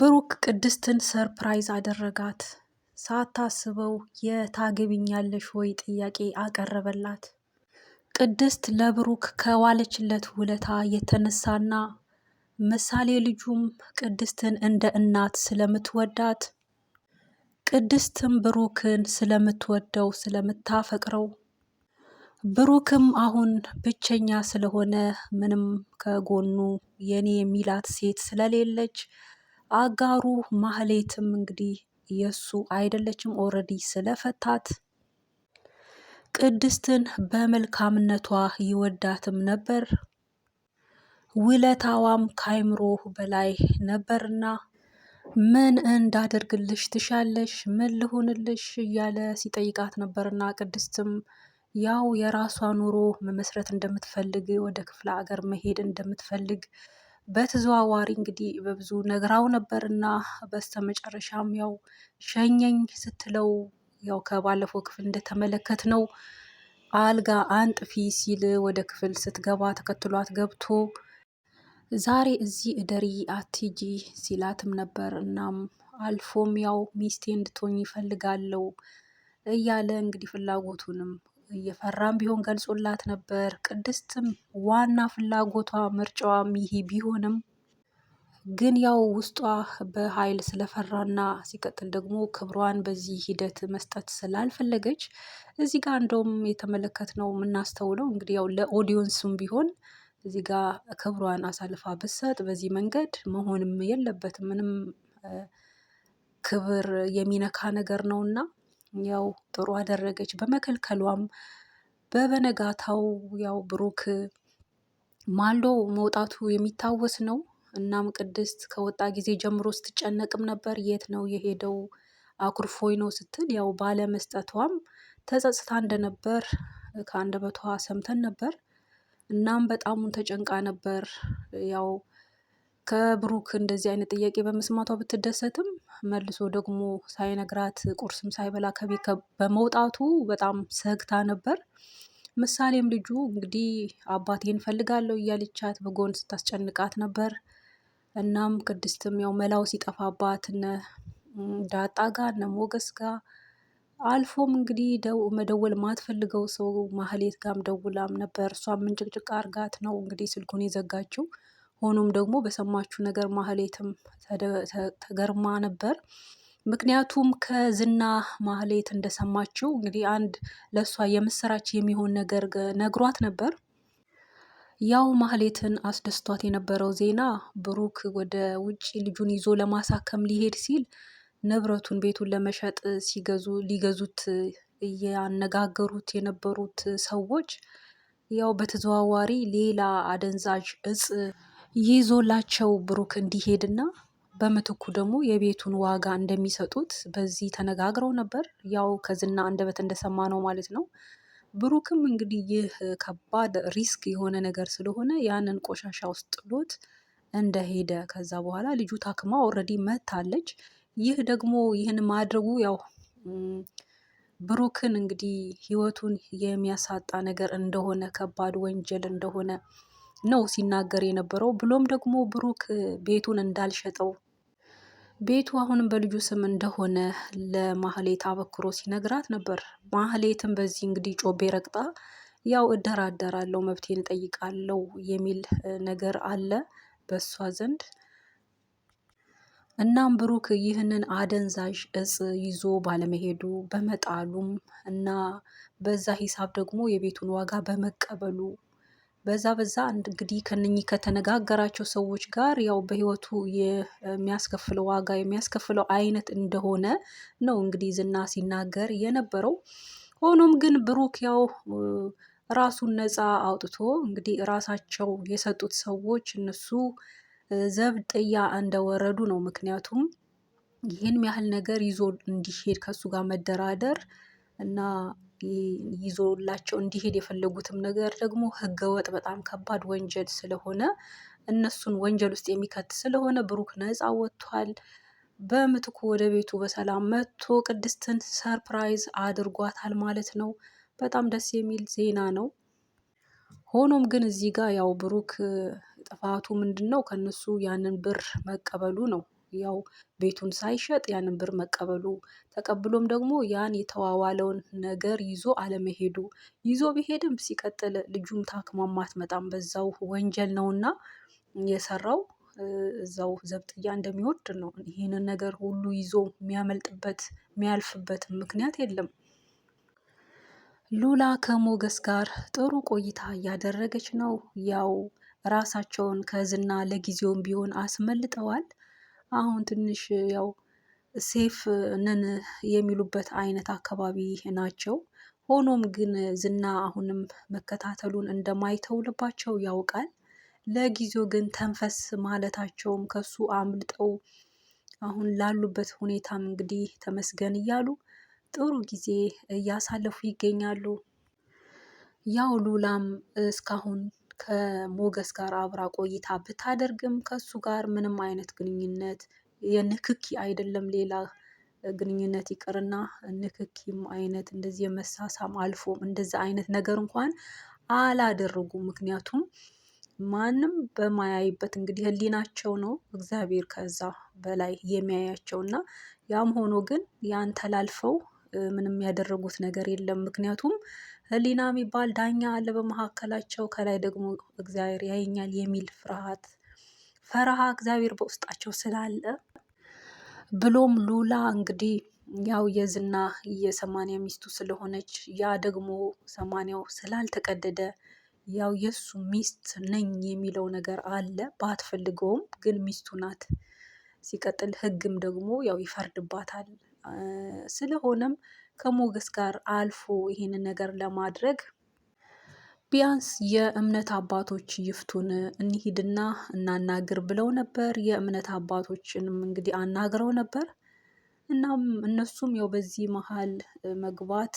ብሩክ ቅድስትን ሰርፕራይዝ አደረጋት። ሳታስበው የታገቢኛለሽ ወይ ጥያቄ አቀረበላት። ቅድስት ለብሩክ ከዋለችለት ውለታ የተነሳና ምሳሌ ልጁም ቅድስትን እንደ እናት ስለምትወዳት ቅድስትም ብሩክን ስለምትወደው ስለምታፈቅረው ብሩክም አሁን ብቸኛ ስለሆነ ምንም ከጎኑ የኔ የሚላት ሴት ስለሌለች አጋሩ ማህሌትም እንግዲህ የእሱ አይደለችም ኦረዲ ስለፈታት ቅድስትን በመልካምነቷ ይወዳትም ነበር። ውለታዋም ካይምሮ በላይ ነበርና ምን እንዳደርግልሽ ትሻለሽ? ምን ልሁንልሽ? እያለ ሲጠይቃት ነበርና ቅድስትም ያው የራሷ ኑሮ መመስረት እንደምትፈልግ ወደ ክፍለ ሀገር መሄድ እንደምትፈልግ በተዘዋዋሪ እንግዲህ በብዙ ነግራው ነበር እና በስተመጨረሻም ያው ሸኘኝ ስትለው ያው ከባለፈው ክፍል እንደተመለከት ነው አልጋ አንጥፊ ሲል ወደ ክፍል ስትገባ ተከትሏት ገብቶ ዛሬ እዚህ እደሪ አትጂ ሲላትም ነበር። እናም አልፎም ያው ሚስቴ እንድትሆኝ ይፈልጋለው እያለ እንግዲህ ፍላጎቱንም እየፈራም ቢሆን ገልጾላት ነበር። ቅድስትም ዋና ፍላጎቷ ምርጫዋም ይሄ ቢሆንም ግን ያው ውስጧ በኃይል ስለፈራና ሲቀጥል ደግሞ ክብሯን በዚህ ሂደት መስጠት ስላልፈለገች እዚህ ጋር እንደውም የተመለከትነው የምናስተውለው እንግዲህ ያው ለኦዲዮንስም ቢሆን እዚህ ጋር ክብሯን አሳልፋ ብሰጥ በዚህ መንገድ መሆንም የለበትም ምንም ክብር የሚነካ ነገር ነውና ያው ጥሩ አደረገች በመከልከሏም በበነጋታው ያው ብሩክ ማልዶ መውጣቱ የሚታወስ ነው። እናም ቅድስት ከወጣ ጊዜ ጀምሮ ስትጨነቅም ነበር። የት ነው የሄደው አኩርፎይ ነው ስትል ያው ባለመስጠቷም ተጸጽታ እንደነበር ከአንደበቷ ሰምተን ነበር። እናም በጣሙን ተጨንቃ ነበር ያው ከብሩክ እንደዚህ አይነት ጥያቄ በመስማቷ ብትደሰትም መልሶ ደግሞ ሳይነግራት ቁርስም ሳይበላ ከቤት በመውጣቱ በጣም ሰግታ ነበር። ምሳሌም ልጁ እንግዲህ አባቴን እንፈልጋለሁ እያልቻት በጎን ስታስጨንቃት ነበር። እናም ቅድስትም ያው መላው ሲጠፋባት እነ ዳጣ ጋ እነ ሞገስ ጋ አልፎም እንግዲህ መደወል ማትፈልገው ሰው ማህሌት ጋም ደውላም ነበር። እሷም ምንጭቅጭቅ አርጋት ነው እንግዲህ ስልኩን የዘጋችው። ሆኖም ደግሞ በሰማችሁ ነገር ማህሌትም ተገርማ ነበር። ምክንያቱም ከዝና ማህሌት እንደሰማችው እንግዲህ አንድ ለእሷ የምስራች የሚሆን ነገር ነግሯት ነበር። ያው ማህሌትን አስደስቷት የነበረው ዜና ብሩክ ወደ ውጭ ልጁን ይዞ ለማሳከም ሊሄድ ሲል ንብረቱን ቤቱን ለመሸጥ ሲገዙ ሊገዙት እያነጋገሩት የነበሩት ሰዎች ያው በተዘዋዋሪ ሌላ አደንዛዥ እጽ ይዞላቸው ብሩክ እንዲሄድና በምትኩ ደግሞ የቤቱን ዋጋ እንደሚሰጡት በዚህ ተነጋግረው ነበር። ያው ከዝና አንደበት እንደሰማ ነው ማለት ነው። ብሩክም እንግዲህ ይህ ከባድ ሪስክ የሆነ ነገር ስለሆነ ያንን ቆሻሻ ውስጥ ጥሎት እንደሄደ ከዛ በኋላ ልጁ ታክማ ኦልሬዲ መታለች። ይህ ደግሞ ይህን ማድረጉ ያው ብሩክን እንግዲህ ህይወቱን የሚያሳጣ ነገር እንደሆነ ከባድ ወንጀል እንደሆነ ነው ሲናገር የነበረው። ብሎም ደግሞ ብሩክ ቤቱን እንዳልሸጠው ቤቱ አሁንም በልጁ ስም እንደሆነ ለማህሌት አበክሮ ሲነግራት ነበር። ማህሌትም በዚህ እንግዲህ ጮቤ ረግጣ ያው እደራደራለሁ፣ መብቴን እጠይቃለሁ የሚል ነገር አለ በእሷ ዘንድ። እናም ብሩክ ይህንን አደንዛዥ እጽ ይዞ ባለመሄዱ በመጣሉም እና በዛ ሂሳብ ደግሞ የቤቱን ዋጋ በመቀበሉ በዛ በዛ እንግዲህ ከነኚህ ከተነጋገራቸው ሰዎች ጋር ያው በህይወቱ የሚያስከፍለው ዋጋ የሚያስከፍለው አይነት እንደሆነ ነው እንግዲህ ዝና ሲናገር የነበረው። ሆኖም ግን ብሩክ ያው ራሱን ነፃ አውጥቶ እንግዲህ ራሳቸው የሰጡት ሰዎች እነሱ ዘብጥያ እንደወረዱ ነው። ምክንያቱም ይህን ያህል ነገር ይዞ እንዲሄድ ከሱ ጋር መደራደር እና ይዞላቸው እንዲሄድ የፈለጉትም ነገር ደግሞ ህገወጥ በጣም ከባድ ወንጀል ስለሆነ እነሱን ወንጀል ውስጥ የሚከት ስለሆነ ብሩክ ነፃ ወጥቷል። በምትኩ ወደ ቤቱ በሰላም መጥቶ ቅድስትን ሰርፕራይዝ አድርጓታል ማለት ነው። በጣም ደስ የሚል ዜና ነው። ሆኖም ግን እዚህ ጋር ያው ብሩክ ጥፋቱ ምንድን ነው? ከእነሱ ያንን ብር መቀበሉ ነው። ያው ቤቱን ሳይሸጥ ያንን ብር መቀበሉ ተቀብሎም ደግሞ ያን የተዋዋለውን ነገር ይዞ አለመሄዱ ይዞ ቢሄድም ሲቀጥል ልጁም ታክማ አትመጣም በዛው ወንጀል ነውና የሰራው እዛው ዘብጥያ እንደሚወድ ነው። ይህንን ነገር ሁሉ ይዞ የሚያመልጥበት የሚያልፍበት ምክንያት የለም። ሉላ ከሞገስ ጋር ጥሩ ቆይታ እያደረገች ነው። ያው ራሳቸውን ከዝና ለጊዜውም ቢሆን አስመልጠዋል። አሁን ትንሽ ያው ሴፍ ነን የሚሉበት አይነት አካባቢ ናቸው። ሆኖም ግን ዝና አሁንም መከታተሉን እንደማይተውልባቸው ያውቃል። ለጊዜው ግን ተንፈስ ማለታቸውም ከሱ አምልጠው አሁን ላሉበት ሁኔታም እንግዲህ ተመስገን እያሉ ጥሩ ጊዜ እያሳለፉ ይገኛሉ። ያው ሉላም እስካሁን ከሞገስ ጋር አብራ ቆይታ ብታደርግም ከሱ ጋር ምንም አይነት ግንኙነት የንክኪ አይደለም ሌላ ግንኙነት ይቅርና ንክኪም አይነት እንደዚህ የመሳሳም አልፎም እንደዛ አይነት ነገር እንኳን አላደረጉ። ምክንያቱም ማንም በማያይበት እንግዲህ ሕሊናቸው ነው እግዚአብሔር ከዛ በላይ የሚያያቸው እና ያም ሆኖ ግን ያን ተላልፈው ምንም ያደረጉት ነገር የለም። ምክንያቱም ህሊና የሚባል ዳኛ አለ በመካከላቸው። ከላይ ደግሞ እግዚአብሔር ያየኛል የሚል ፍርሃት ፈረሃ እግዚአብሔር በውስጣቸው ስላለ ብሎም ሉላ እንግዲህ ያው የዝና የሰማንያ ሚስቱ ስለሆነች ያ ደግሞ ሰማንያው ስላልተቀደደ ያው የእሱ ሚስት ነኝ የሚለው ነገር አለ። ባትፈልገውም ግን ሚስቱ ናት። ሲቀጥል ህግም ደግሞ ያው ይፈርድባታል። ስለሆነም ከሞገስ ጋር አልፎ ይህንን ነገር ለማድረግ ቢያንስ የእምነት አባቶች ይፍቱን እንሂድና እናናግር ብለው ነበር። የእምነት አባቶችንም እንግዲህ አናግረው ነበር። እናም እነሱም ያው በዚህ መሀል መግባት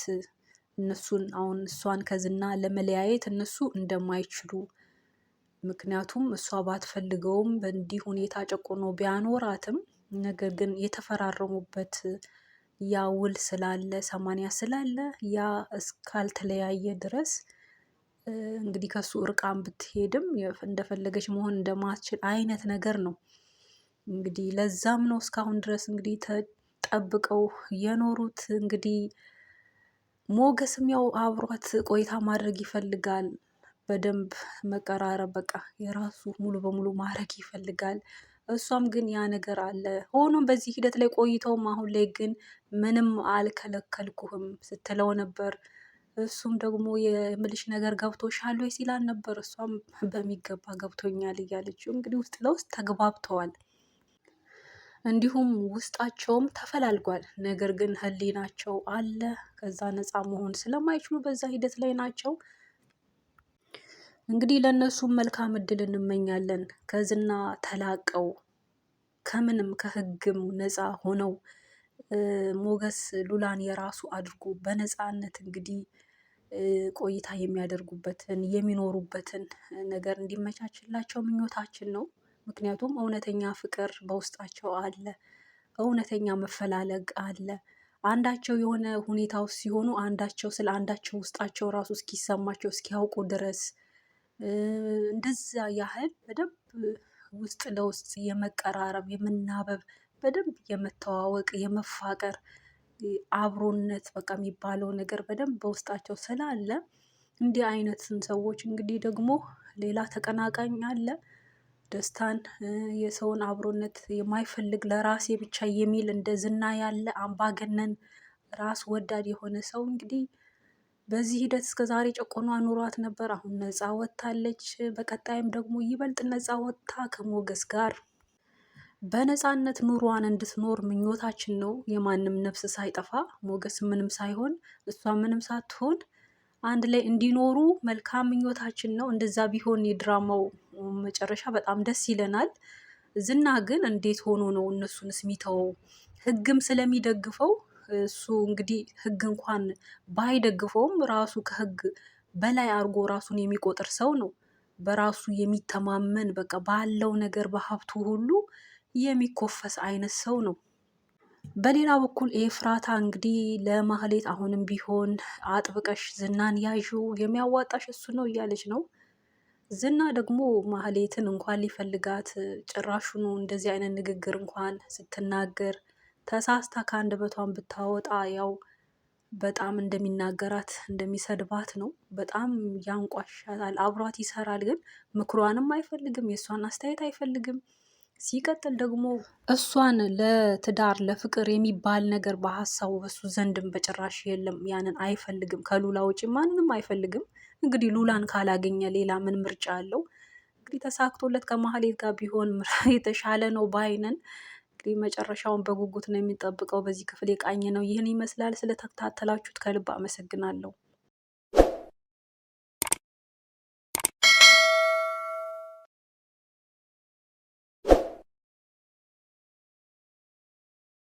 እነሱን አሁን እሷን ከዝና ለመለያየት እነሱ እንደማይችሉ ምክንያቱም እሷ ባትፈልገውም በእንዲህ ሁኔታ ጨቆኖ ቢያኖራትም ነገር ግን የተፈራረሙበት ያ ውል ስላለ ሰማንያ ስላለ ያ እስካልተለያየ ድረስ እንግዲህ ከሱ እርቃን ብትሄድም እንደፈለገች መሆን እንደማትችል አይነት ነገር ነው። እንግዲህ ለዛም ነው እስካሁን ድረስ እንግዲህ ተጠብቀው የኖሩት። እንግዲህ ሞገስም ያው አብሯት ቆይታ ማድረግ ይፈልጋል። በደንብ መቀራረብ፣ በቃ የራሱ ሙሉ በሙሉ ማድረግ ይፈልጋል። እሷም ግን ያ ነገር አለ። ሆኖም በዚህ ሂደት ላይ ቆይተውም አሁን ላይ ግን ምንም አልከለከልኩህም ስትለው ነበር። እሱም ደግሞ የምልሽ ነገር ገብቶሻል ወይ ሲላል ነበር። እሷም በሚገባ ገብቶኛል እያለች እንግዲህ ውስጥ ለውስጥ ተግባብተዋል። እንዲሁም ውስጣቸውም ተፈላልጓል። ነገር ግን ህሊናቸው አለ። ከዛ ነፃ መሆን ስለማይችሉ በዛ ሂደት ላይ ናቸው። እንግዲህ ለእነሱም መልካም እድል እንመኛለን። ከዝና ተላቀው ከምንም ከህግም ነፃ ሆነው ሞገስ ሉላን የራሱ አድርጎ በነፃነት እንግዲህ ቆይታ የሚያደርጉበትን የሚኖሩበትን ነገር እንዲመቻችላቸው ምኞታችን ነው። ምክንያቱም እውነተኛ ፍቅር በውስጣቸው አለ፣ እውነተኛ መፈላለግ አለ። አንዳቸው የሆነ ሁኔታ ውስጥ ሲሆኑ አንዳቸው ስለ አንዳቸው ውስጣቸው ራሱ እስኪሰማቸው እስኪያውቁ ድረስ እንደዛ ያህል በደንብ ውስጥ ለውስጥ የመቀራረብ የመናበብ በደንብ የመተዋወቅ የመፋቀር አብሮነት በቃ የሚባለው ነገር በደንብ በውስጣቸው ስላለ እንዲህ አይነትን ሰዎች እንግዲህ ደግሞ ሌላ ተቀናቃኝ አለ። ደስታን የሰውን አብሮነት የማይፈልግ ለራሴ ብቻ የሚል እንደ ዝና ያለ አምባገነን ራስ ወዳድ የሆነ ሰው እንግዲህ በዚህ ሂደት እስከ ዛሬ ጨቆኗ ኑሯት ነበር። አሁን ነፃ ወጥታለች። በቀጣይም ደግሞ ይበልጥ ነፃ ወጥታ ከሞገስ ጋር በነፃነት ኑሯን እንድትኖር ምኞታችን ነው። የማንም ነፍስ ሳይጠፋ ሞገስ ምንም ሳይሆን እሷ ምንም ሳትሆን አንድ ላይ እንዲኖሩ መልካም ምኞታችን ነው። እንደዛ ቢሆን የድራማው መጨረሻ በጣም ደስ ይለናል። ዝና ግን እንዴት ሆኖ ነው እነሱን ስሚተው? ህግም ስለሚደግፈው እሱ እንግዲህ ህግ እንኳን ባይደግፈውም ራሱ ከህግ በላይ አድርጎ ራሱን የሚቆጥር ሰው ነው። በራሱ የሚተማመን በቃ ባለው ነገር በሀብቱ ሁሉ የሚኮፈስ አይነት ሰው ነው። በሌላ በኩል ኤፍራታ እንግዲህ ለማህሌት አሁንም ቢሆን አጥብቀሽ ዝናን ያዥው የሚያዋጣሽ እሱ ነው እያለች ነው። ዝና ደግሞ ማህሌትን እንኳን ሊፈልጋት ጭራሹኑ እንደዚህ አይነት ንግግር እንኳን ስትናገር ተሳስታ ከአንድ በቷን ብታወጣ ያው በጣም እንደሚናገራት እንደሚሰድባት ነው። በጣም ያንቋሻታል። አብሯት ይሰራል፣ ግን ምክሯንም አይፈልግም፣ የእሷን አስተያየት አይፈልግም። ሲቀጥል ደግሞ እሷን ለትዳር ለፍቅር የሚባል ነገር በሀሳቡ በሱ ዘንድም በጭራሽ የለም። ያንን አይፈልግም። ከሉላ ውጭ ማንንም አይፈልግም። እንግዲህ ሉላን ካላገኘ ሌላ ምን ምርጫ አለው? እንግዲህ ተሳክቶለት ከማህሌት ጋር ቢሆን የተሻለ ነው ባይነን እንግዲህ መጨረሻውን በጉጉት ነው የሚጠብቀው። በዚህ ክፍል የቃኝ ነው። ይህን ይመስላል። ስለተከታተላችሁት ከልብ አመሰግናለሁ።